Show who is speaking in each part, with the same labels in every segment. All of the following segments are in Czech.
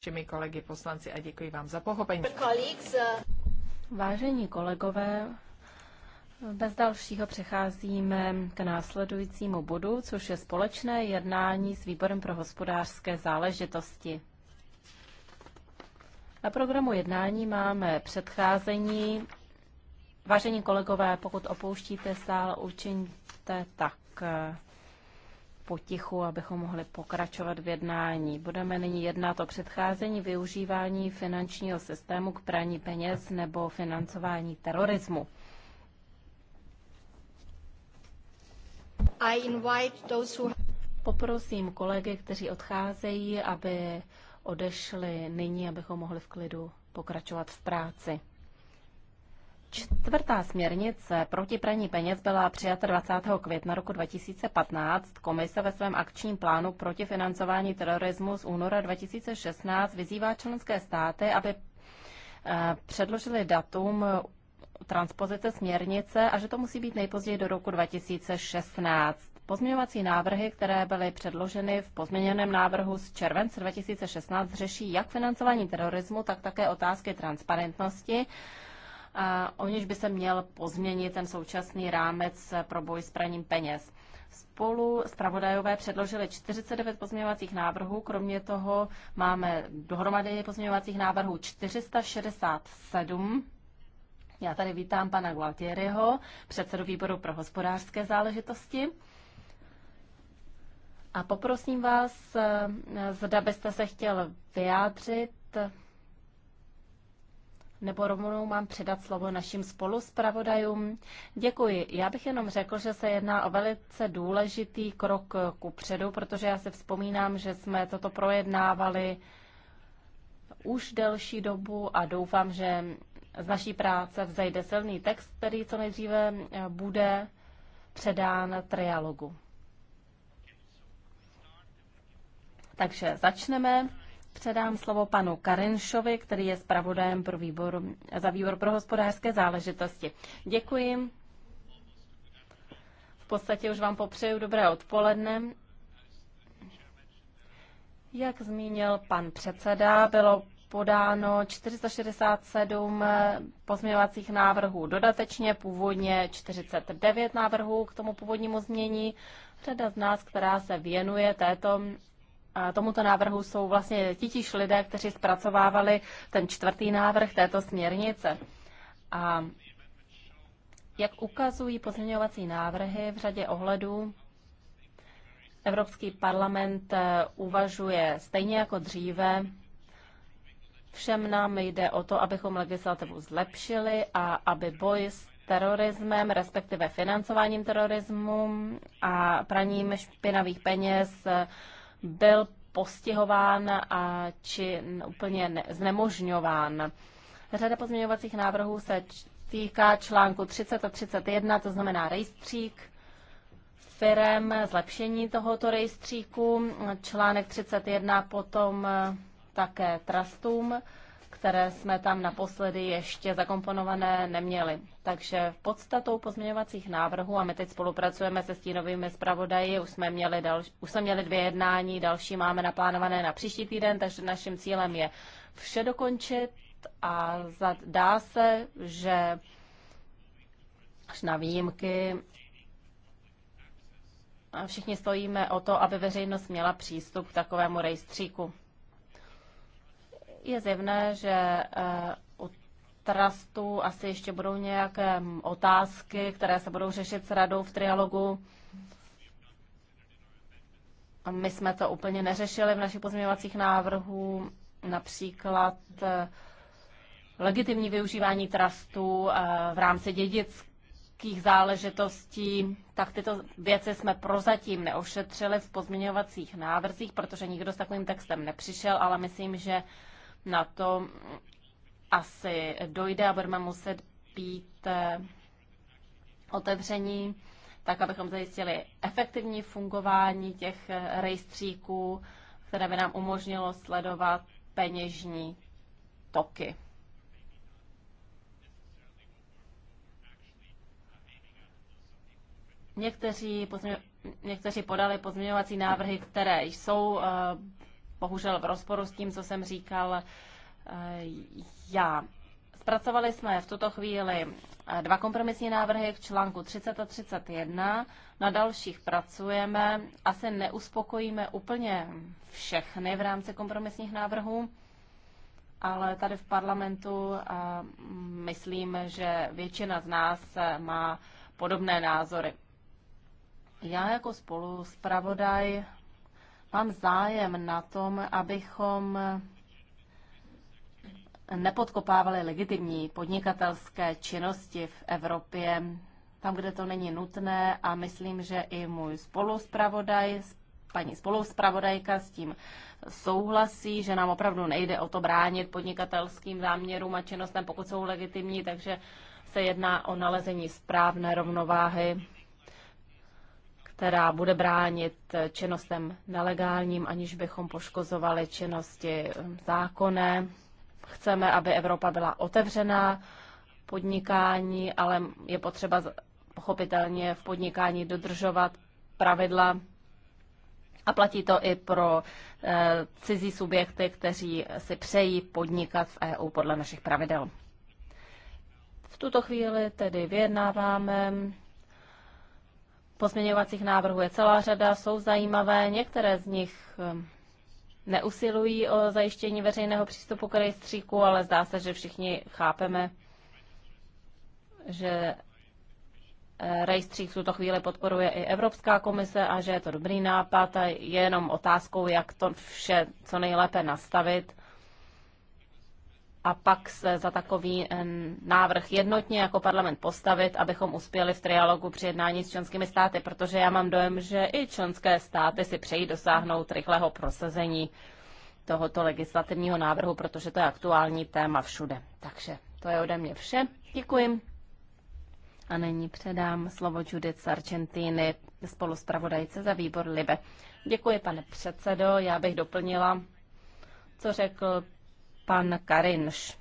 Speaker 1: všemi kolegy poslanci a děkuji vám
Speaker 2: za pochopení. Vážení kolegové, bez dalšího přecházíme k následujícímu bodu, což je společné jednání s Výborem pro hospodářské záležitosti. Na programu jednání máme předcházení. Vážení kolegové, pokud opouštíte sál, učiňte tak potichu, abychom mohli pokračovat v jednání. Budeme nyní jednat o předcházení využívání finančního systému k praní peněz nebo financování terorismu. I invite those who... Poprosím kolegy, kteří odcházejí, aby odešli nyní, abychom mohli v klidu pokračovat v práci. Čtvrtá směrnice proti praní peněz byla přijata 20. května roku 2015. Komise ve svém akčním plánu proti financování terorismu z února 2016 vyzývá členské státy, aby eh, předložili datum transpozice směrnice a že to musí být nejpozději do roku 2016. Pozměňovací návrhy, které byly předloženy v pozměněném návrhu z července 2016, řeší jak financování terorismu, tak také otázky transparentnosti o něž by se měl pozměnit ten současný rámec pro boj s praním peněz. Spolu zpravodajové předložili 49 pozměňovacích návrhů, kromě toho máme dohromady pozměňovacích návrhů 467. Já tady vítám pana Gualtieriho, předsedu výboru pro hospodářské záležitosti. A poprosím vás, eh, zda byste se chtěl vyjádřit nebo rovnou mám předat slovo našim spoluspravodajům. Děkuji. Já bych jenom řekl, že se jedná o velice důležitý krok ku předu, protože já se vzpomínám, že jsme toto projednávali už delší dobu a doufám, že z naší práce vzejde silný text, který co nejdříve eh, bude předán trialogu. Takže začneme. Předám slovo panu Karinšovi, který je zpravodajem pro výbor, za výbor pro hospodářské záležitosti. Děkuji. V podstatě už vám popřeju dobré odpoledne. Jak zmínil pan předseda, bylo podáno 467 pozměňovacích návrhů dodatečně, původně 49 návrhů k tomu původnímu změní. Řada z nás, která se věnuje této tomuto návrhu jsou vlastně titiž lidé, kteří zpracovávali ten čtvrtý návrh této směrnice. A jak ukazují pozměňovací návrhy v řadě ohledů, Evropský parlament eh, uvažuje stejně jako dříve. Všem nám jde o to, abychom legislativu zlepšili a aby boj s terorismem, respektive financováním terorismu a praním špinavých peněz eh, byl postihován a či úplně ne, znemožňován. Řada pozměňovacích návrhů se týká článku 30 a 31, to znamená rejstřík firem, zlepšení tohoto rejstříku, článek 31 potom eh, také trustům které jsme tam naposledy ještě zakomponované neměli. Takže v podstatou pozměňovacích návrhů, a my teď spolupracujeme se stínovými zpravodaji, už jsme měli, dal, už jsme měli dvě jednání, další máme naplánované na příští týden, takže naším cílem je vše dokončit a dá se, že až na výjimky všichni stojíme o to, aby veřejnost měla přístup k takovému rejstříku. Je zjevné, že eh, u trastu asi ještě budou nějaké mm, otázky, které se budou řešit s radou v trialogu. My jsme to úplně neřešili v našich pozměňovacích návrhů, například eh, legitimní využívání trastu eh, v rámci dědických záležitostí, tak tyto věci jsme prozatím neošetřili v pozměňovacích návrzích, protože nikdo s takovým textem nepřišel, ale myslím, že na to asi dojde a budeme muset být eh, otevření, tak abychom zajistili efektivní fungování těch eh, rejstříků, které by nám umožnilo sledovat peněžní toky. Někteří, pozmě, někteří podali pozměňovací návrhy, které jsou eh, bohužel v rozporu s tím, co jsem říkal eh, já. Zpracovali jsme v tuto chvíli eh, dva kompromisní návrhy v článku 30 a 31. Na dalších pracujeme. Asi neuspokojíme úplně všechny v rámci kompromisních návrhů, ale tady v parlamentu eh, myslím, že většina z nás má podobné názory. Já jako spolu zpravodaj mám zájem na tom, abychom nepodkopávali legitimní podnikatelské činnosti v Evropě, tam, kde to není nutné a myslím, že i můj spoluspravodaj, paní spoluspravodajka s tím souhlasí, že nám opravdu nejde o to bránit podnikatelským záměrům a činnostem, pokud jsou legitimní, takže se jedná o nalezení správné rovnováhy která bude bránit činnostem nelegálním, aniž bychom poškozovali činnosti zákonné. Chceme, aby Evropa byla otevřená podnikání, ale je potřeba pochopitelně v podnikání dodržovat pravidla a platí to i pro e, cizí subjekty, kteří si přejí podnikat v EU podle našich pravidel. V tuto chvíli tedy vyjednáváme Pozměňovacích návrhů je celá řada, jsou zajímavé, některé z nich um, neusilují o zajištění veřejného přístupu k rejstříku, ale zdá se, že všichni chápeme, že eh, rejstřík v tuto chvíli podporuje i Evropská komise a že je to dobrý nápad a je jenom otázkou, jak to vše co nejlépe nastavit a pak se za takový eh, návrh jednotně jako parlament postavit, abychom uspěli v trialogu při jednání s členskými státy, protože já mám dojem, že i členské státy si přejí dosáhnout rychlého prosazení tohoto legislativního návrhu, protože to je aktuální téma všude. Takže to je ode mě vše. Děkuji. A nyní předám slovo Judith Sargentini, spoluspravodajce za výbor Libe. Děkuji, pane předsedo. Já bych doplnila, co řekl pan Karinš.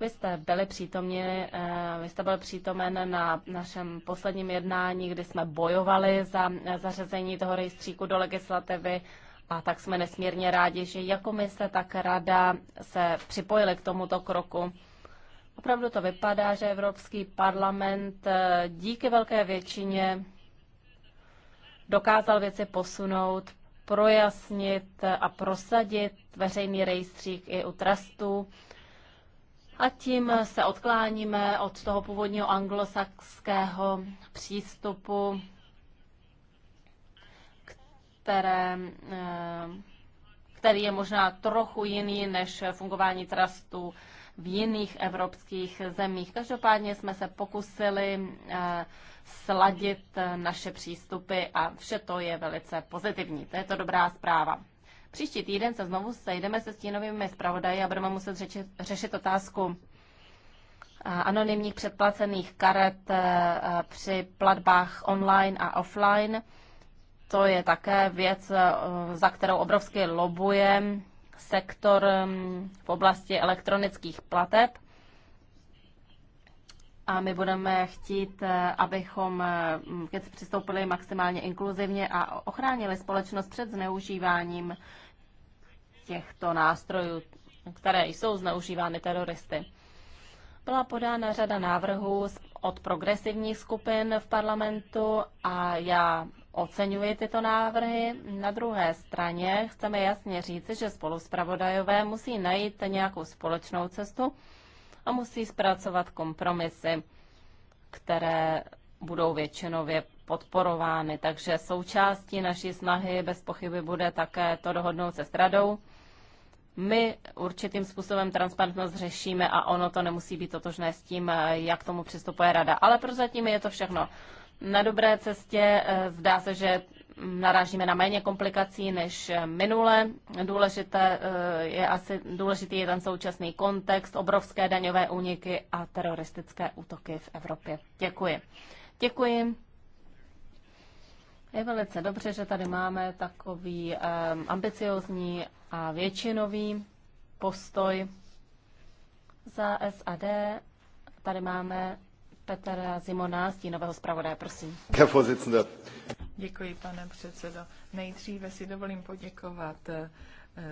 Speaker 2: Vy jste byli přítomni, eh, vy jste byl přítomen na našem posledním jednání, kdy jsme bojovali za eh, zařazení toho rejstříku do legislativy a tak jsme nesmírně rádi, že jako my se, tak rada se připojili k tomuto kroku. Opravdu to vypadá, že Evropský parlament eh, díky velké většině dokázal věci posunout, projasnit a prosadit veřejný rejstřík i u trustů. A tím se odkláníme od toho původního anglosaského přístupu, které, eh, který je možná trochu jiný než fungování trustů v jiných evropských zemích. Každopádně jsme se pokusili eh, sladit eh, naše přístupy a vše to je velice pozitivní. To je to dobrá zpráva. Příští týden se znovu sejdeme se stínovými zpravodaji a budeme muset řešit, řešit otázku eh, anonymních předplacených karet při platbách online a offline. To je také věc, za kterou obrovsky lobuje sektor v oblasti elektronických plateb. A my budeme chtít, eh, abychom věc eh, přistoupili maximálně inkluzivně a ochránili společnost před zneužíváním těchto nástrojů, které jsou zneužívány teroristy. Byla podána řada návrhů od progresivních skupin v parlamentu a já oceňuji tyto návrhy. Na druhé straně chceme jasně říci, že spoluspravodajové musí najít nějakou společnou cestu a musí zpracovat kompromisy, které budou většinově podporovány. Takže součástí naší snahy bez pochyby bude také to dohodnout se s radou. My určitým způsobem transparentnost řešíme a ono to nemusí být totožné s tím, jak tomu přistupuje rada. Ale prozatím je to všechno na dobré cestě. Eh, zdá se, že narážíme na méně komplikací než minule. Důležité eh, je asi, důležitý je ten současný kontext, obrovské daňové úniky a teroristické útoky v Evropě. Děkuji. Děkuji. Je velice dobře, že tady máme takový um, eh, ambiciozní a většinový postoj za SAD. Tady máme Petra Zimona, stínového zpravodaje, prosím. Děkuji, pane předsedo.
Speaker 1: Nejdříve si dovolím poděkovat eh,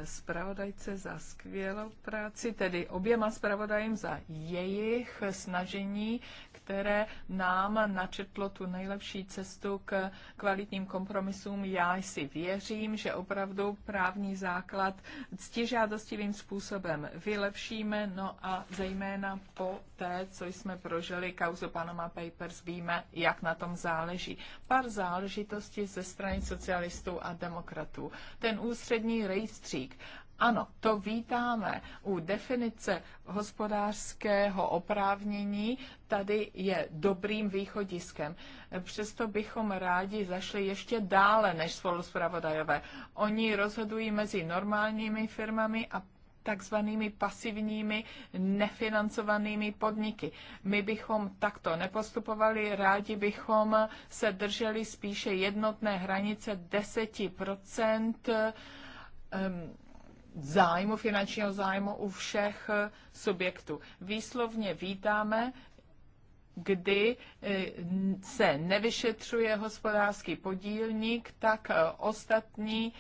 Speaker 1: zpravodajce za skvělou práci, tedy oběma zpravodajům za jejich snažení, které nám načetlo tu nejlepší cestu k kvalitním kompromisům. Já si věřím, že opravdu právní základ ctižádostivým způsobem vylepšíme, no a zejména po té, co jsme prožili kauzu Panama Papers, víme, jak na tom záleží. Pár záležitostí ze strany socialistů a demokratů. Ten ústřední rejstřík. Ano, to vítáme. U definice hospodářského oprávnění tady je dobrým východiskem. Přesto bychom rádi zašli ještě dále než spoluzpravodajové. Oni rozhodují mezi normálními firmami a takzvanými pasivními nefinancovanými podniky. My bychom takto nepostupovali, rádi bychom se drželi spíše jednotné hranice 10% ehm, zájmu, finančního zájmu u všech eh, subjektů. Výslovně vítáme, kdy eh, se nevyšetřuje hospodářský podílník, tak eh, ostatní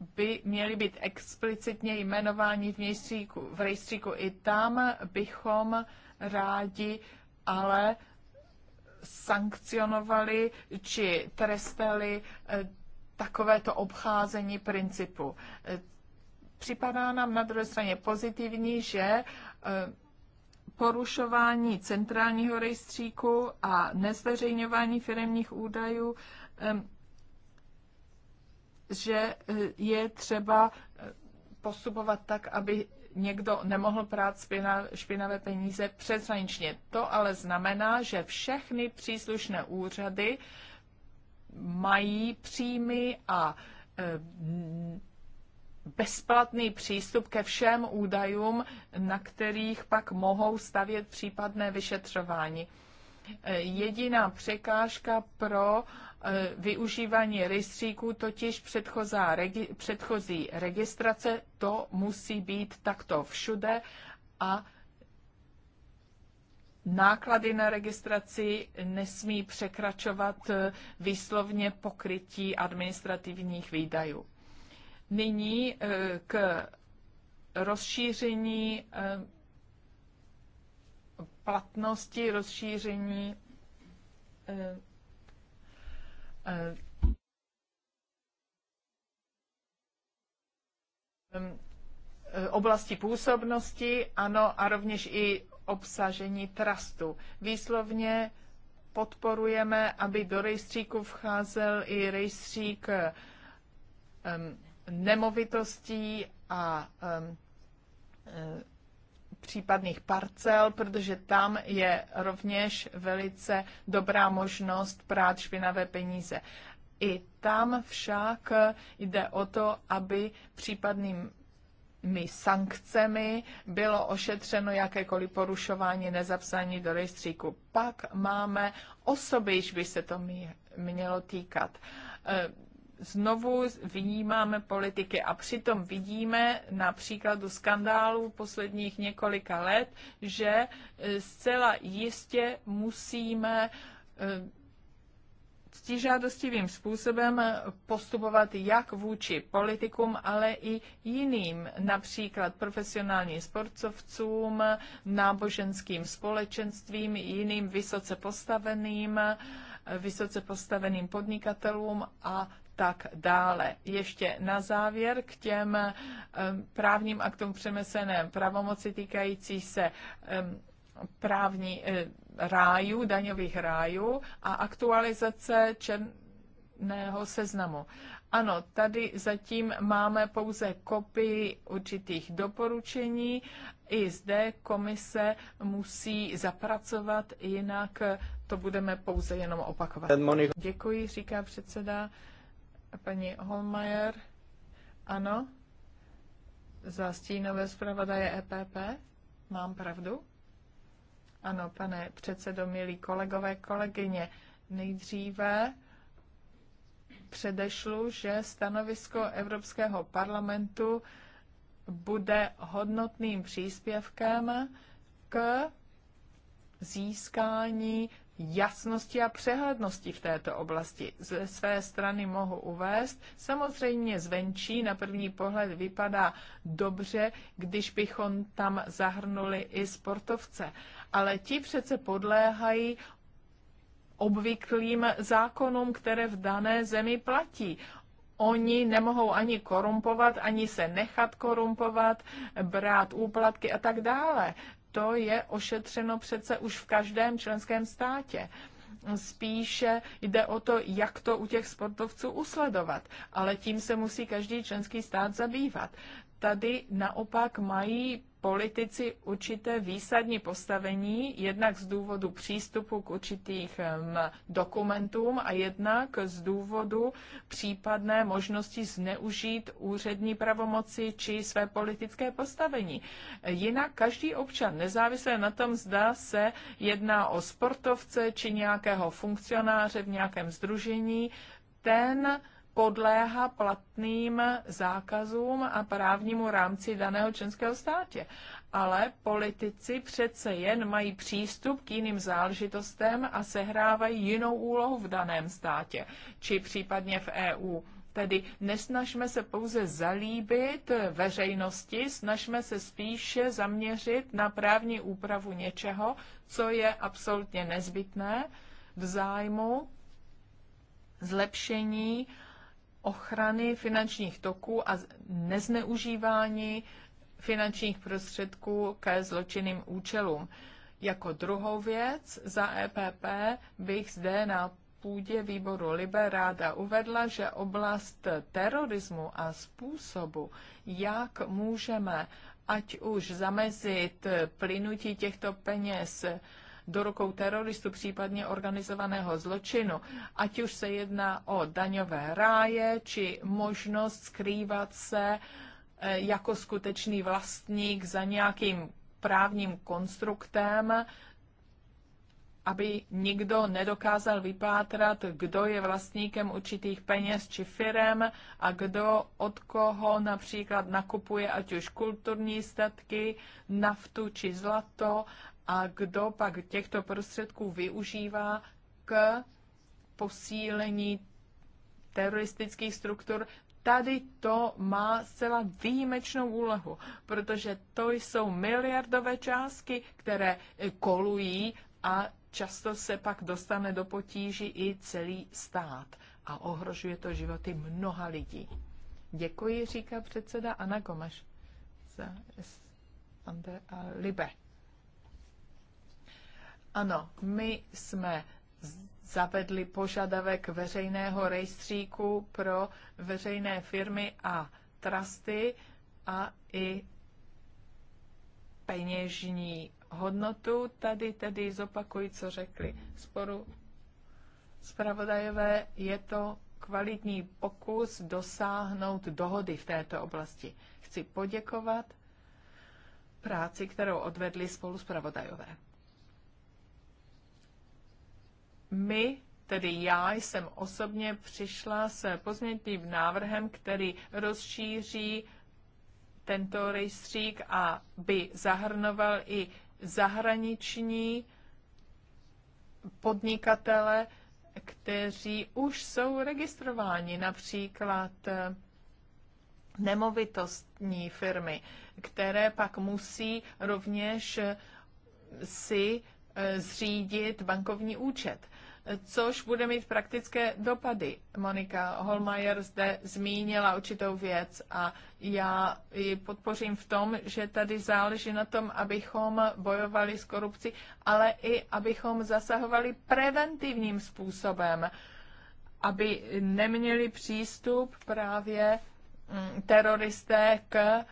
Speaker 1: by měli být explicitně jmenováni v, mějstříku, v rejstříku. I tam bychom rádi ale sankcionovali či trestali eh, takovéto obcházení principu. Eh, připadá nám na druhé straně pozitivní, že eh, porušování centrálního rejstříku a nezveřejňování firmních údajů že eh, je třeba eh, postupovat tak, aby někdo nemohl prát špinavé peníze přeshraničně. To ale znamená, že všechny příslušné úřady mají příjmy a eh, bezplatný přístup ke všem údajům, na kterých pak mohou stavět případné vyšetřování. Jediná překážka pro eh, využívání rejstříků, totiž předchozí registrace, to musí být takto všude a náklady na registraci nesmí překračovat eh, výslovně pokrytí administrativních výdajů. Nyní eh, k rozšíření platnosti rozšíření eh, eh, eh, oblasti působnosti, ano, a rovněž i obsažení trastu. Výslovně podporujeme, aby do rejstříku vcházel i rejstřík nemovitostí a případných parcel, protože tam je rovněž velice dobrá možnost prát špinavé peníze. I tam však jde o to, aby případným my sankcemi bylo ošetřeno jakékoliv porušování nezapsání do rejstříku. Pak máme osoby, již by se to mělo týkat znovu vnímáme politiky a přitom vidíme na příkladu skandálů posledních několika let, že e, zcela jistě musíme e, ctižádostivým způsobem postupovat jak vůči politikům, ale i jiným, například profesionálním sportovcům, náboženským společenstvím, jiným vysoce postaveným, vysoce postaveným podnikatelům a tak dále. Ještě na závěr k těm eh, právním aktům přeneseném pravomoci týkající se eh, právní eh, rájů, daňových rájů a aktualizace černého seznamu. Ano, tady zatím máme pouze kopii určitých doporučení. I zde komise musí zapracovat, jinak to budeme pouze jenom opakovat. Děkuji, říká předseda paní Holmajer. Ano, za stínové zpravodaje EPP. Mám pravdu? Ano, pane předsedo, milí kolegové, kolegyně, nejdříve předešlu, že stanovisko Evropského parlamentu bude hodnotným příspěvkem k získání jasnosti a přehlednosti v této oblasti. Ze své strany mohu uvést, samozřejmě zvenčí na první pohled vypadá dobře, když bychom tam zahrnuli i sportovce, ale ti přece podléhají obvyklým zákonům, které v dané zemi platí oni nemohou ani korumpovat, ani se nechat korumpovat, brát úplatky a tak dále to je ošetřeno přece už v každém členském státě spíše jde o to, jak to u těch sportovců usledovat. Ale tím se musí každý členský stát zabývat tady naopak mají politici určité výsadní postavení, jednak z důvodu přístupu k určitých dokumentům a jednak z důvodu případné možnosti zneužít úřední pravomoci či své politické postavení. Jinak každý občan, nezávisle na tom, zda se jedná o sportovce či nějakého funkcionáře v nějakém združení, ten podléhá platným zákazům a právnímu rámci daného členského státě. Ale politici přece jen mají přístup k jiným záležitostem a sehrávají jinou úlohu v daném státě, či případně v EU. Tedy nesnažme se pouze zalíbit veřejnosti, snažme se spíše zaměřit na právní úpravu něčeho, co je absolutně nezbytné v zájmu zlepšení ochrany finančních toků a nezneužívání finančních prostředků ke zločinným účelům. Jako druhou věc za EPP bych zde na půdě výboru Libe ráda uvedla, že oblast terorismu a způsobu, jak můžeme ať už zamezit plynutí těchto peněz do rukou teroristů, případně organizovaného zločinu, ať už se jedná o daňové ráje či možnost skrývat se eh, jako skutečný vlastník za nějakým právním konstruktem, aby nikdo nedokázal vypátrat, kdo je vlastníkem určitých peněz či firem a kdo od koho například nakupuje ať už kulturní statky, naftu či zlato a kdo pak těchto prostředků využívá k posílení teroristických struktur, tady to má zcela výjimečnou úlohu, protože to jsou miliardové částky, které kolují a často se pak dostane do potíží i celý stát a ohrožuje to životy mnoha lidí. Děkuji, říká předseda Anna Komaš za Ander a Libe. Ano, my jsme zavedli požadavek veřejného rejstříku pro veřejné firmy a trusty a i peněžní hodnotu. Tady tedy zopakuji, co řekli sporu zpravodajové. Je to kvalitní pokus dosáhnout dohody v této oblasti. Chci poděkovat práci, kterou odvedli spolu zpravodajové my, tedy já jsem osobně přišla s pozměnitým návrhem, který rozšíří tento rejstřík a by zahrnoval i zahraniční podnikatele, kteří už jsou registrováni, například eh, nemovitostní firmy, které pak musí rovněž si Eh, zřídit bankovní účet, což bude mít praktické dopady. Monika Holmajer zde zmínila určitou věc a já ji podpořím v tom, že tady záleží na tom, abychom bojovali s korupcí, ale i abychom zasahovali preventivním způsobem, aby neměli přístup právě mm, teroristé k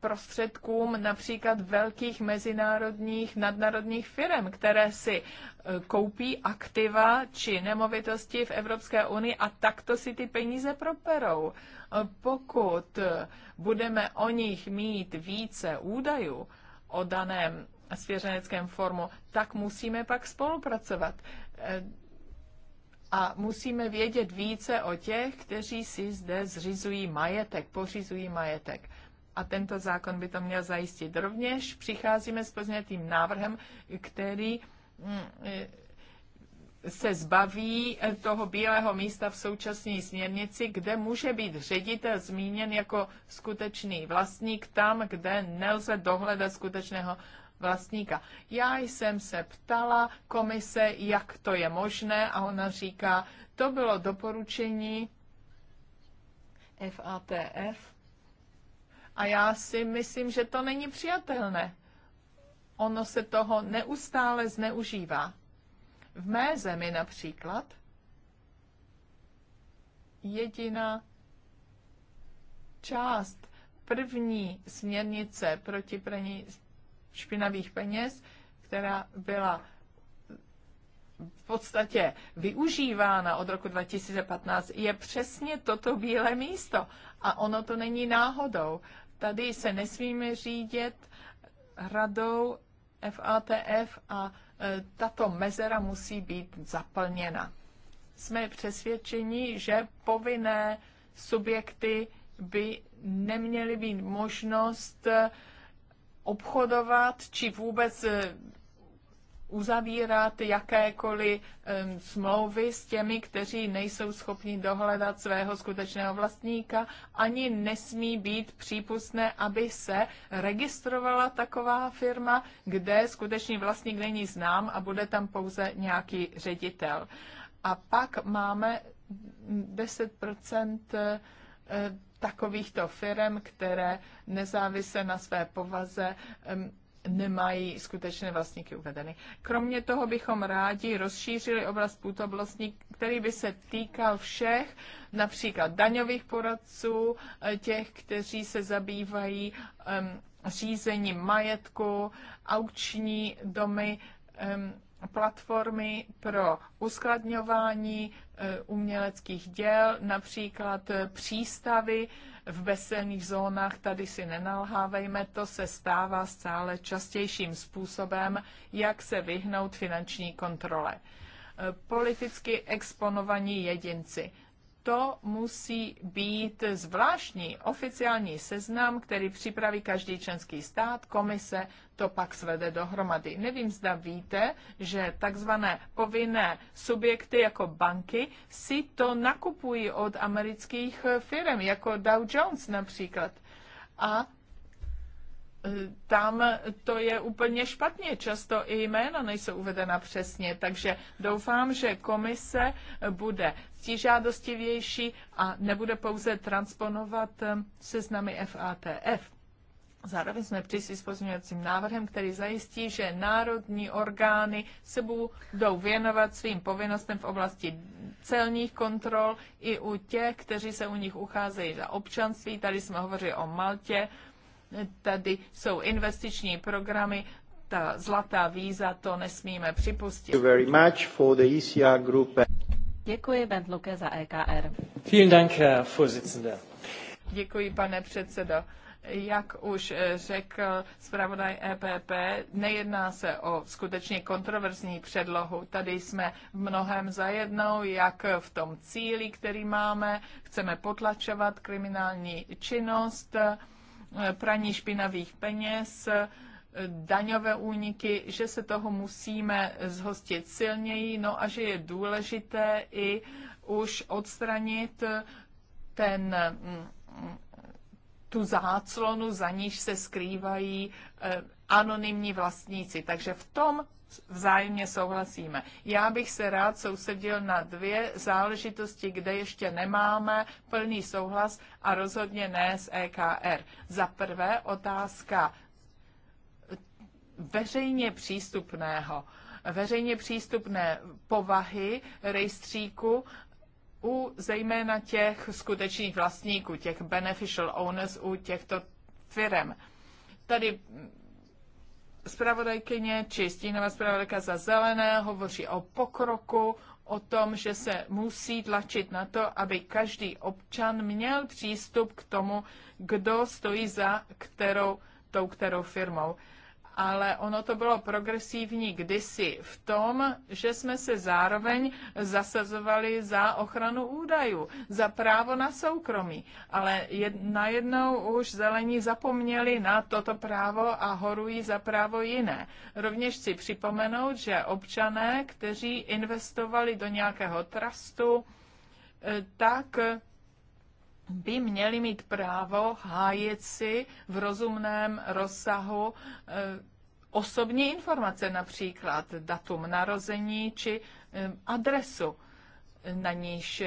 Speaker 1: prostředkům například velkých mezinárodních nadnárodních firm, které si e, koupí aktiva či nemovitosti v Evropské unii a takto si ty peníze properou. E, pokud budeme o nich mít více údajů o daném svěřeneckém formu, tak musíme pak spolupracovat. E, a musíme vědět více o těch, kteří si zde zřizují majetek, pořizují majetek a tento zákon by to měl zajistit. Rovněž přicházíme s pozměnitým návrhem, který mm, e, se zbaví e, toho bílého místa v současné směrnici, kde může být ředitel zmíněn jako skutečný vlastník tam, kde nelze dohledat skutečného vlastníka. Já jsem se ptala komise, jak to je možné a ona říká, to bylo doporučení FATF a já si myslím, že to není přijatelné. Ono se toho neustále zneužívá. V mé zemi například jediná část první směrnice proti praní špinavých peněz, která byla v podstatě využívána od roku 2015, je přesně toto bílé místo. A ono to není náhodou. Tady se nesmíme řídit radou FATF a e, tato mezera musí být zaplněna. Jsme přesvědčeni, že povinné subjekty by neměly být možnost e, obchodovat či vůbec e, uzavírat jakékoliv um, smlouvy s těmi, kteří nejsou schopni dohledat svého skutečného vlastníka, ani nesmí být přípustné, aby se registrovala taková firma, kde skutečný vlastník není znám a bude tam pouze nějaký ředitel. A pak máme 10 eh, takovýchto firm, které nezávisle na své povaze um, nemají skutečné vlastníky uvedeny. Kromě toho bychom rádi rozšířili oblast působnosti, který by se týkal všech, například daňových poradců, eh, těch, kteří se zabývají um, řízením majetku, aukční domy, um, platformy pro uskladňování eh, uměleckých děl, například eh, přístavy v veselných zónách, tady si nenalhávejme, to se stává stále častějším způsobem, jak se vyhnout finanční kontrole. Eh, politicky exponovaní jedinci to musí být zvláštní oficiální seznam, který připraví každý členský stát, komise to pak svede dohromady. Nevím, zda víte, že takzvané povinné subjekty jako banky si to nakupují od amerických firm, jako Dow Jones například. A e, tam to je úplně špatně, často i jména nejsou uvedena přesně, takže doufám, že komise bude žádostivější a nebude pouze transponovat um, seznamy FATF. Zároveň jsme přišli s pozměňovacím návrhem, který zajistí, že národní orgány se budou věnovat svým povinnostem v oblasti celních kontrol i u těch, kteří se u nich ucházejí za občanství. Tady jsme hovořili o Maltě, tady jsou investiční programy, ta zlatá víza, to nesmíme připustit. Děkuji, Bent Luke, za EKR. Vielen Dank, Herr Vorsitzender. Děkuji, pane předsedo. Jak už eh, řekl zpravodaj EPP, nejedná se o skutečně kontroverzní předlohu. Tady jsme v mnohem zajednou, jak v tom cíli, který máme. Chceme potlačovat kriminální činnost, eh, praní špinavých peněz, daňové úniky, že se toho musíme zhostit silněji, no a že je důležité i už odstranit ten, tu záclonu, za níž se skrývají eh, anonymní vlastníci. Takže v tom vzájemně souhlasíme. Já bych se rád sousedil na dvě záležitosti, kde ještě nemáme plný souhlas a rozhodně ne s EKR. Za prvé otázka veřejně přístupného, veřejně přístupné povahy rejstříku u zejména těch skutečných vlastníků, těch beneficial owners u těchto firm. Tady zpravodajkyně či stínová zpravodajka za zelené hovoří o pokroku, o tom, že se musí tlačit na to, aby každý občan měl přístup k tomu, kdo stojí za kterou, tou kterou firmou ale ono to bylo progresivní kdysi v tom, že jsme se zároveň zasazovali za ochranu údajů, za právo na soukromí, ale jed, najednou už zelení zapomněli na toto právo a horují za právo jiné. Rovněž si připomenout, že občané, kteří investovali do nějakého trustu, eh, tak by měli mít právo hájet si v rozumném rozsahu eh, osobní informace, například datum narození či eh, adresu, eh, na níž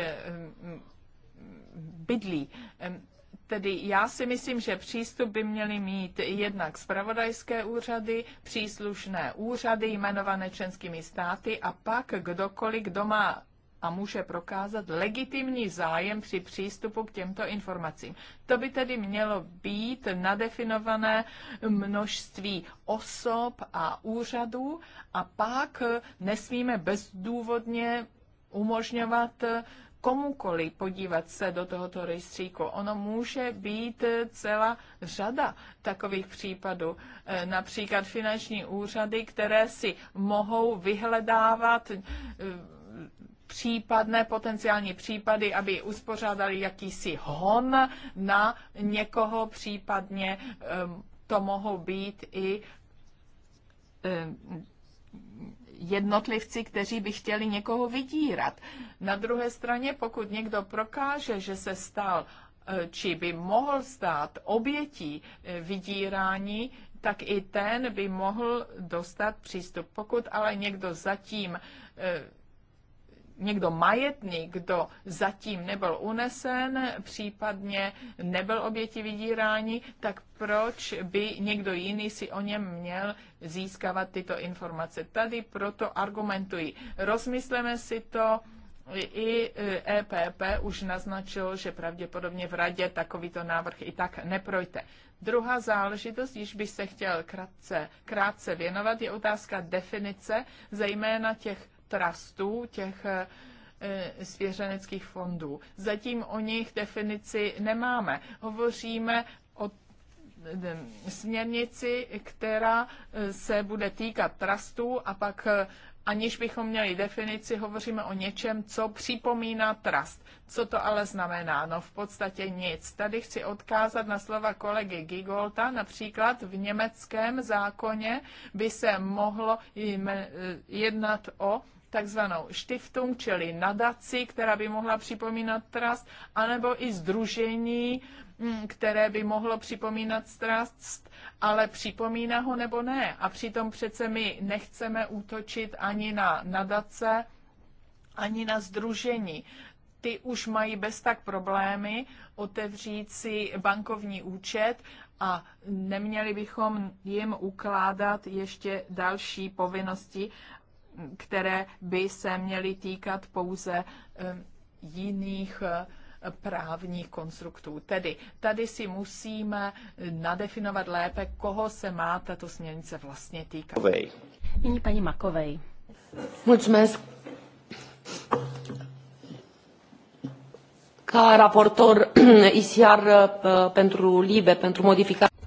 Speaker 1: bydlí. Ehm, tedy já si myslím, že přístup by měly mít jednak zpravodajské úřady, příslušné úřady jmenované členskými státy a pak kdokoliv, kdo má a může prokázat legitimní zájem při přístupu k těmto informacím. To by tedy mělo být nadefinované množství osob a úřadů a pak nesmíme bezdůvodně umožňovat komukoli podívat se do tohoto rejstříku. Ono může být celá řada takových případů. Eh, například finanční úřady, které si mohou vyhledávat eh, případné potenciální případy, aby uspořádali jakýsi hon na někoho, případně to mohou být i jednotlivci, kteří by chtěli někoho vydírat. Na druhé straně, pokud někdo prokáže, že se stal e, či by mohl stát obětí e, vydírání, tak i ten by mohl dostat přístup. Pokud ale někdo zatím e, někdo majetný, kdo zatím nebyl unesen, případně nebyl oběti vydírání, tak proč by někdo jiný si o něm měl získávat tyto informace? Tady proto argumentuji. Rozmysleme si to, i EPP e už naznačil, že pravděpodobně v radě takovýto návrh i tak neprojde. Druhá záležitost, již bych se chtěl krátce, krátce věnovat, je otázka definice, zejména těch trustů, těch eh, svěřeneckých fondů. Zatím o nich definici nemáme. Hovoříme o eh, směrnici, která eh, se bude týkat trustů a pak aniž bychom měli definici, hovoříme o něčem, co připomíná trust. Co to ale znamená? No v podstatě nic. Tady chci odkázat na slova kolegy Gigolta. Například v německém zákoně by se mohlo jednat o takzvanou štiftung, čili nadaci, která by mohla připomínat trast, anebo i združení, mm, které by mohlo připomínat trast, ale připomíná ho nebo ne. A přitom přece my nechceme útočit ani na nadace, ani na združení ty už mají bez tak problémy otevřít si bankovní účet a neměli bychom jim ukládat ještě další povinnosti které by se měly týkat pouze eh, jiných eh, právních konstruktů. Tedy tady si musíme nadefinovat lépe, koho se má tato směrnice vlastně týkat. Nyní paní Makovej. Mulțumesc.
Speaker 2: Ca raportor ICR eh, pentru LIBE, pentru modificare.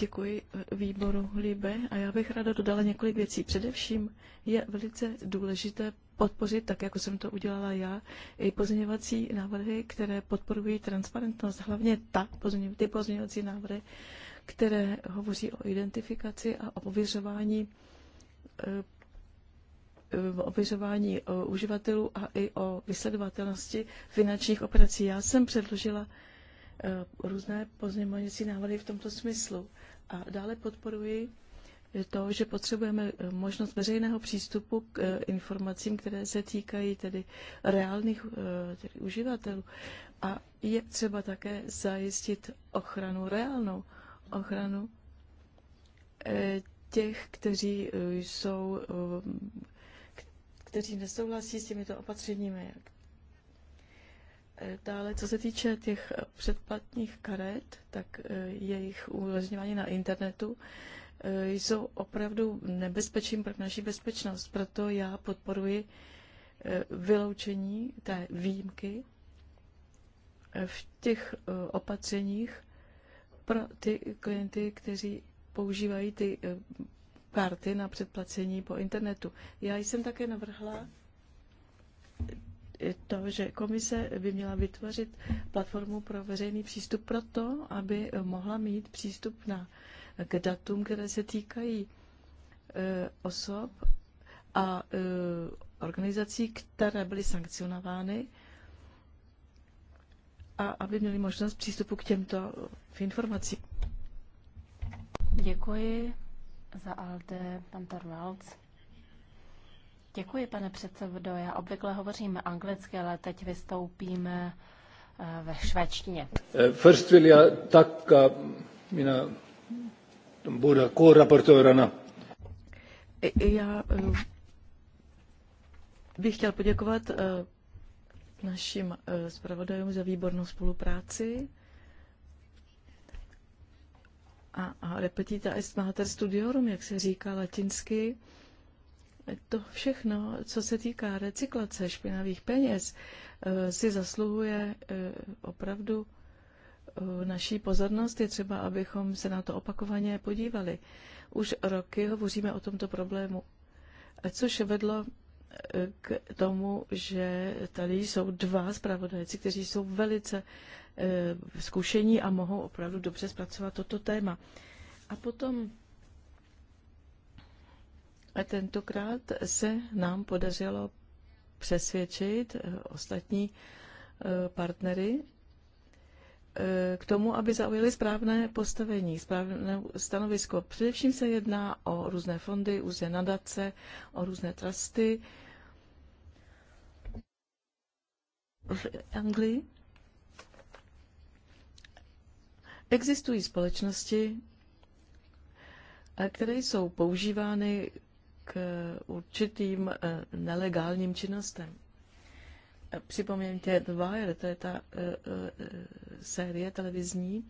Speaker 2: Děkuji
Speaker 3: výboru Libe a já bych ráda dodala několik věcí. Především je velice důležité podpořit, tak jako jsem to udělala já, i pozměňovací návrhy, které podporují transparentnost, hlavně ta, ty pozměňovací návrhy, které hovoří o identifikaci a o ověřování eh, ověřování eh, uživatelů a i o vysledovatelnosti finančních operací. Já jsem předložila eh, různé pozměňovací návrhy v tomto smyslu. A dále podporuji to, že potřebujeme eh, možnost veřejného přístupu k eh, informacím, které se týkají tedy reálných eh, tedy uživatelů. A je třeba také zajistit ochranu reálnou, ochranu těch, kteří jsou kteří nesouhlasí s těmito opatřeními, Dále, co se týče těch předplatních karet, tak eh, jejich uvolňování na internetu eh, jsou opravdu nebezpečím pro naši bezpečnost. Proto já podporuji eh, vyloučení té výjimky v těch opatřeních pro ty klienty, kteří používají ty karty na předplacení po internetu. Já jsem také navrhla to, že komise by měla vytvořit platformu pro veřejný přístup proto, aby mohla mít přístup na, k datům, které se týkají e, osob a e, organizací, které byly sankcionovány a aby měli možnost přístupu k těmto informacím.
Speaker 2: Děkuji za ALDE, Pantarvalc. Děkuji, pane předsedo. Já obvykle hovořím anglicky, ale teď vystoupím eh, ve švédštině.
Speaker 1: Eh, first will jag tacka mina båda
Speaker 3: co-rapportörerna.
Speaker 2: Já eh,
Speaker 3: bych chtěl poděkovat našim zpravodajům za výbornou spolupráci. A, a repetita est mater studiorum, jak se říká latinsky. To všechno, co se týká recyklace špinavých peněz, eh, si zasluhuje eh, opravdu eh, naší pozornost. Je třeba, abychom se na to opakovaně podívali. Už roky hovoříme o tomto problému, což vedlo k tomu, že tady jsou dva zpravodajci, kteří jsou velice zkušení a mohou opravdu dobře zpracovat toto téma. A potom a tentokrát se nám podařilo přesvědčit eh, ostatní eh, partnery eh, k tomu, aby zaujali správné postavení, správné stanovisko. Především se jedná o různé fondy, různé nadace, o různé trusty. V Anglii existují společnosti, které jsou používány k eh, určitým eh, nelegálním činnostem. Eh, připomeňte Wire, to je ta série televizní,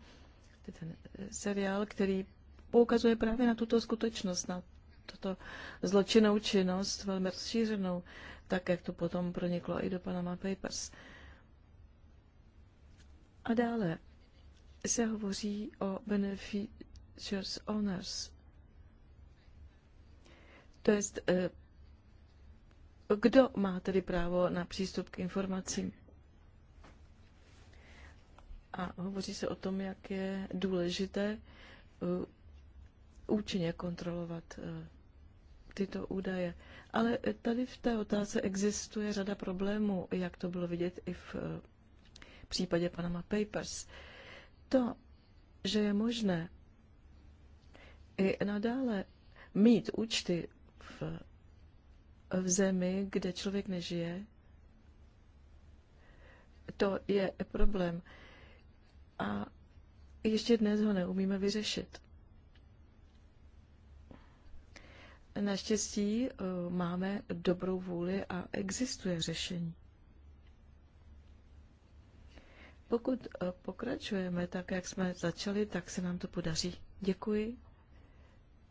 Speaker 3: ten seriál, který poukazuje právě na tuto skutečnost, na toto zločinnou činnost, velmi rozšířenou, tak jak to potom proniklo i do Panama Papers. A dále se hovoří o beneficiaries owners, to je, e, kdo má tedy právo na přístup k informacím? A hovoří se o tom, jak je důležité e, účinně kontrolovat e, tyto údaje. Ale tady v té otázce existuje řada problémů, jak to bylo vidět i v případě Panama Papers. To, že je možné i nadále mít účty v, v zemi, kde člověk nežije, to je problém. A ještě dnes ho neumíme vyřešit. Naštěstí eh, máme dobrou vůli a existuje řešení. Pokud eh, pokračujeme tak, jak jsme začali, tak se nám to podaří. Děkuji.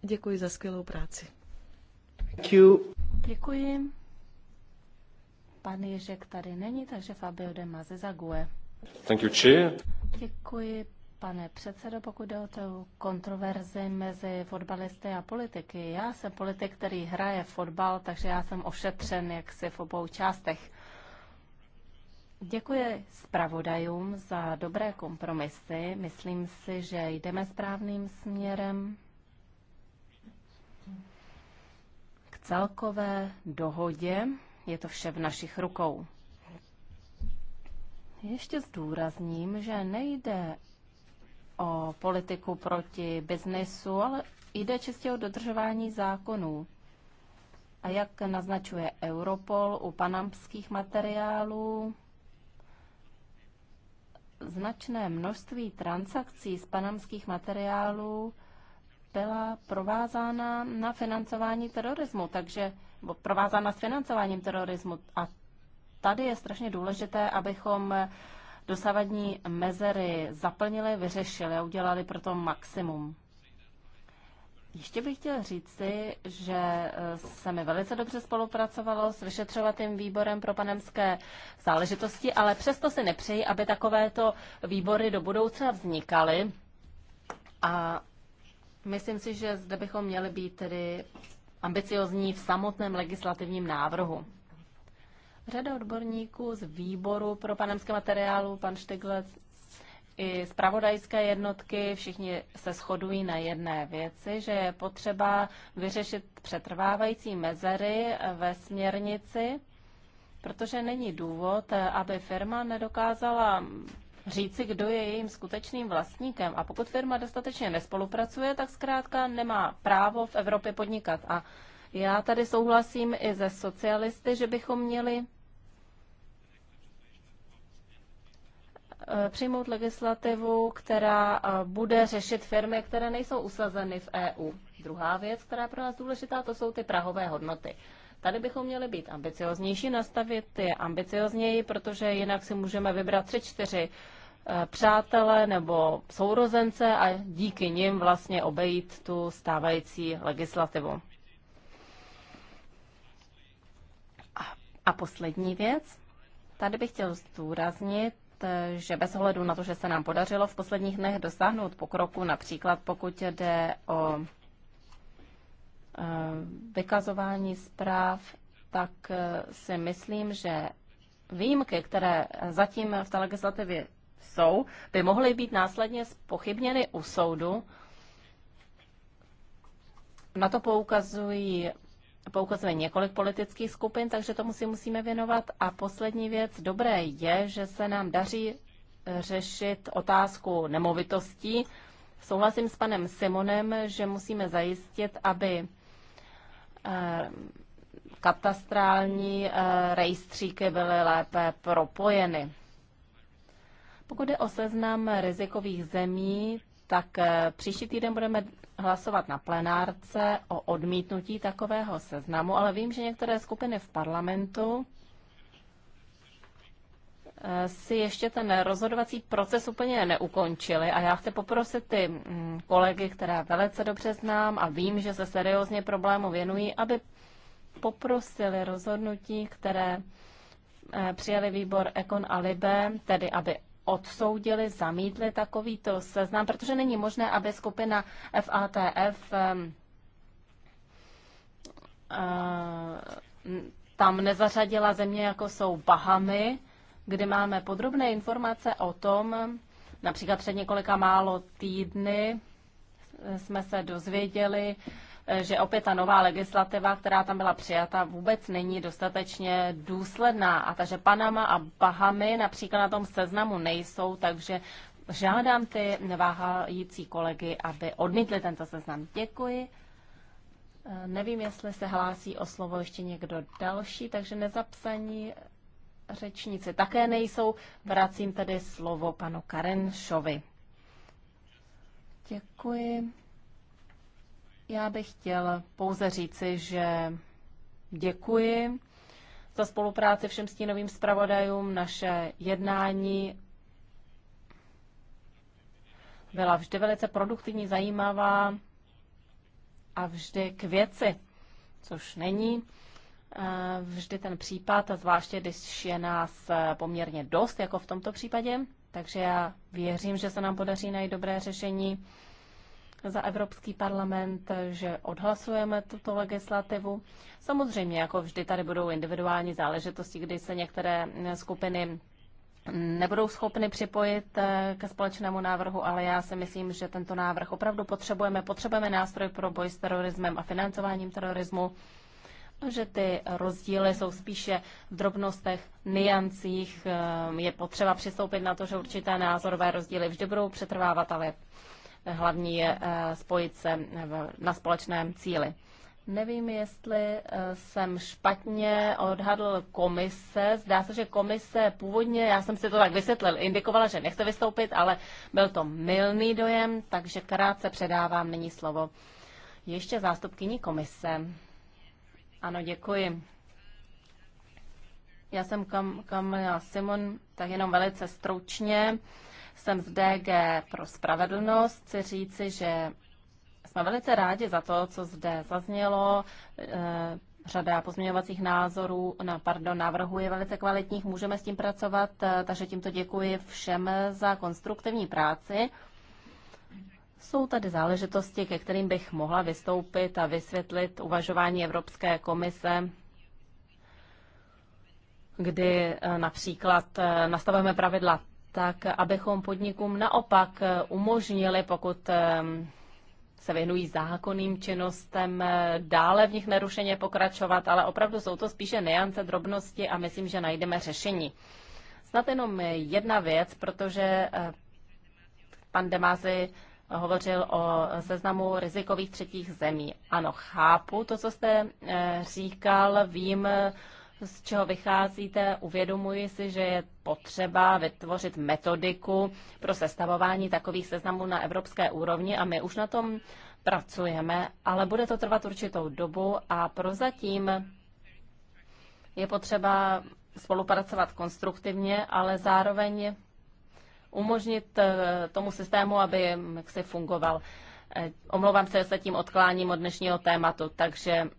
Speaker 2: Děkuji za skvělou práci. Děkuji. Pan Ježek tady není, takže Fabio de Mazezague.
Speaker 3: Thank you, Chair.
Speaker 2: Děkuji, pane předsedo, pokud jde o tu kontroverzi mezi fotbalisty a politiky. Já jsem politik, který hraje fotbal, takže já jsem ošetřen jaksi v obou částech. Děkuji zpravodajům za dobré kompromisy. Myslím si, že jdeme správným směrem. celkové dohodě. Je to vše v našich rukou. Ještě zdůrazním, že nejde o politiku proti biznesu, ale jde čistě o dodržování zákonů. A jak naznačuje Europol u panamských materiálů, značné množství transakcí z panamských materiálů byla provázána na financování terorismu, takže provázána s financováním terorismu. A tady je strašně důležité, abychom dosavadní mezery zaplnili, vyřešili a udělali pro to maximum. Ještě bych chtěl říci, že eh, se mi velice dobře spolupracovalo s vyšetřovatým výborem pro panemské záležitosti, ale přesto si nepřeji, aby takovéto výbory do budoucna vznikaly. A Myslím si, že zde bychom měli být tedy ambiciozní v samotném legislativním návrhu. Řada odborníků z výboru pro panemské materiálu, pan Štyglec, i zpravodajské jednotky, všichni se shodují na jedné věci, že je potřeba vyřešit přetrvávající mezery ve směrnici, protože není důvod, aby firma nedokázala říci, kdo je jejím skutečným vlastníkem. A pokud firma dostatečně nespolupracuje, tak zkrátka nemá právo v Evropě podnikat. A já tady souhlasím i ze socialisty, že bychom měli eh, přijmout legislativu, která eh, bude řešit firmy, které nejsou usazeny v EU. Druhá věc, která je pro nás důležitá, to jsou ty prahové hodnoty. Tady bychom měli být ambicioznější, nastavit je ambiciozněji, protože jinak si můžeme vybrat tři, čtyři eh, přátelé nebo sourozence a díky nim vlastně obejít tu stávající legislativu. A, a poslední věc. Tady bych chtěl zdůraznit, eh, že bez ohledu na to, že se nám podařilo v posledních dnech dosáhnout pokroku, například pokud jde o Eh, vykazování zpráv, tak eh, si myslím, že výjimky, které zatím v té legislativě jsou, by mohly být následně pochybněny u soudu. Na to poukazují poukazuje několik politických skupin, takže tomu si musíme věnovat. A poslední věc, dobré je, že se nám daří eh, řešit otázku nemovitostí. Souhlasím s panem Simonem, že musíme zajistit, aby Eh, katastrální eh, rejstříky byly lépe propojeny. Pokud je o seznam rizikových zemí, tak eh, příští týden budeme hlasovat na plenárce o odmítnutí takového seznamu, ale vím, že některé skupiny v parlamentu si ještě ten rozhodovací proces úplně neukončili a já chci poprosit ty mm, kolegy, které velice dobře znám a vím, že se seriózně problému věnují, aby poprosili rozhodnutí, které eh, přijali výbor Ekon a Libe, tedy aby odsoudili, zamítli takovýto seznam, protože není možné, aby skupina FATF eh, tam nezařadila země, jako jsou Bahamy, kde máme podrobné informace o tom, například před několika málo týdny jsme se dozvěděli, že opět ta nová legislativa, která tam byla přijata, vůbec není dostatečně důsledná. A takže Panama a Bahamy například na tom seznamu nejsou, takže žádám ty neváhající kolegy, aby odmítli tento seznam. Děkuji. Nevím, jestli se hlásí o slovo ještě někdo další, takže nezapsaní řečníci také nejsou. Vracím tedy slovo panu Karenšovi. Děkuji. Já bych chtěl pouze říci, že děkuji za spolupráci všem stínovým zpravodajům. Naše jednání byla vždy velice produktivní, zajímavá a vždy k věci, což není Eh, vždy ten případ, zvláště když je nás eh, poměrně dost, jako v tomto případě. Takže já věřím, že se nám podaří najít dobré řešení za Evropský parlament, že odhlasujeme tuto legislativu. Samozřejmě, jako vždy, tady budou individuální záležitosti, kdy se některé eh, skupiny nebudou schopny připojit ke společnému návrhu, ale já si myslím, že tento návrh opravdu potřebujeme. Potřebujeme nástroj pro boj s terorismem a financováním terorismu že ty rozdíly jsou spíše v drobnostech, niancích. Ehm, je potřeba přistoupit na to, že určité názorové rozdíly vždy budou přetrvávat, ale hlavní je eh, spojit se na společném cíli. Nevím, jestli eh, jsem špatně odhadl komise. Zdá se, že komise původně, já jsem si to tak vysvětlil, indikovala, že nechce vystoupit, ale byl to milný dojem, takže krátce předávám nyní slovo ještě zástupkyni komise. Ano, děkuji. Já jsem Kam- Kamila Simon, tak jenom velice stručně. Jsem z DG pro spravedlnost. Chci říci, že jsme velice rádi za to, co zde zaznělo. Eh, řada pozměňovacích názorů, na, pardon, návrhů je velice kvalitních, můžeme s tím pracovat, eh, takže tímto děkuji všem za konstruktivní práci. Jsou tady záležitosti, ke kterým bych mohla vystoupit a vysvětlit uvažování Evropské komise, kdy eh, například eh, nastavujeme pravidla tak, abychom podnikům naopak eh, umožnili, pokud ehm, se věnují zákonným činnostem, dále v nich nerušeně pokračovat, ale opravdu jsou to spíše neance drobnosti a myslím, že najdeme řešení. Snad jenom jedna věc, protože pan Demázy hovořil o seznamu rizikových třetích zemí. Ano, chápu to, co jste eh, říkal, vím, z čeho vycházíte. Uvědomuji si, že je potřeba vytvořit metodiku pro sestavování takových seznamů na evropské úrovni a my už na tom pracujeme, ale bude to trvat určitou dobu a prozatím je potřeba spolupracovat konstruktivně, ale zároveň umožnit eh, tomu systému, aby se fungoval. Eh, omlouvám se, že se tím odkláním od dnešního tématu, takže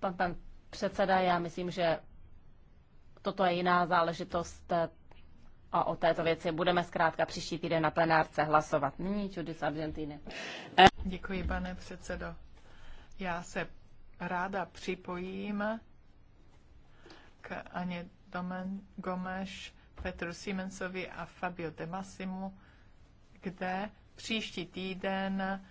Speaker 2: pan, pan předseda, já myslím, že toto je jiná záležitost eh, a o této věci budeme zkrátka příští týden na plenárce hlasovat. Nyní Judith z Argentiny. Děkuji, pane předsedo.
Speaker 1: Já se ráda připojím k Aně Domen Gomeš Petru Siemensovi a Fabio De Massimu, kde příští týden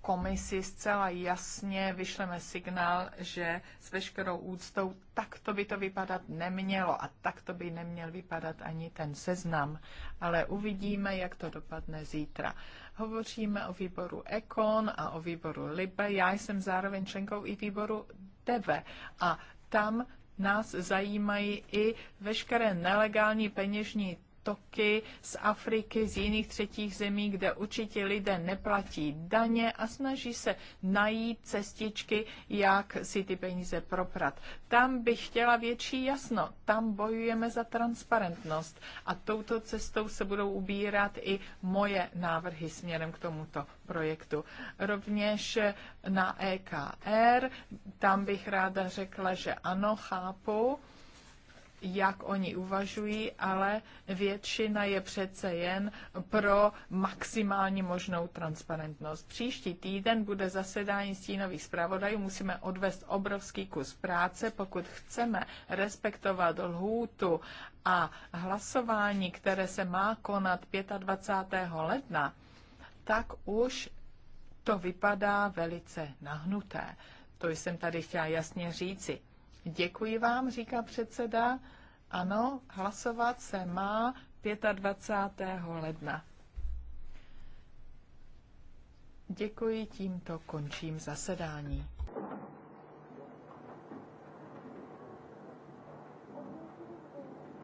Speaker 1: komisi zcela jasně vyšleme signál, že s veškerou úctou takto by to vypadat nemělo a takto by neměl vypadat ani ten seznam. Ale uvidíme, jak to dopadne zítra. Hovoříme o výboru Ekon a o výboru Libe. Já jsem zároveň členkou i výboru DEVE a tam nás zajímají i veškeré nelegální peněžní toky z Afriky, z jiných třetích zemí, kde určitě lidé neplatí daně a snaží se najít cestičky, jak si ty peníze proprat. Tam bych chtěla větší jasno. Tam bojujeme za transparentnost a touto cestou se budou ubírat i moje návrhy směrem k tomuto projektu. Rovněž na EKR, tam bych ráda řekla, že ano, chápu, jak oni uvažují, ale většina je přece jen pro maximální možnou transparentnost. Příští týden bude zasedání stínových zpravodajů. Musíme odvést obrovský kus práce, pokud chceme respektovat lhůtu a hlasování, které se má konat 25. ledna, tak už to vypadá velice nahnuté. To jsem tady chtěla jasně říci. Děkuji vám, říká předseda. Ano, hlasovat se má 25. ledna. Děkuji, tímto končím zasedání.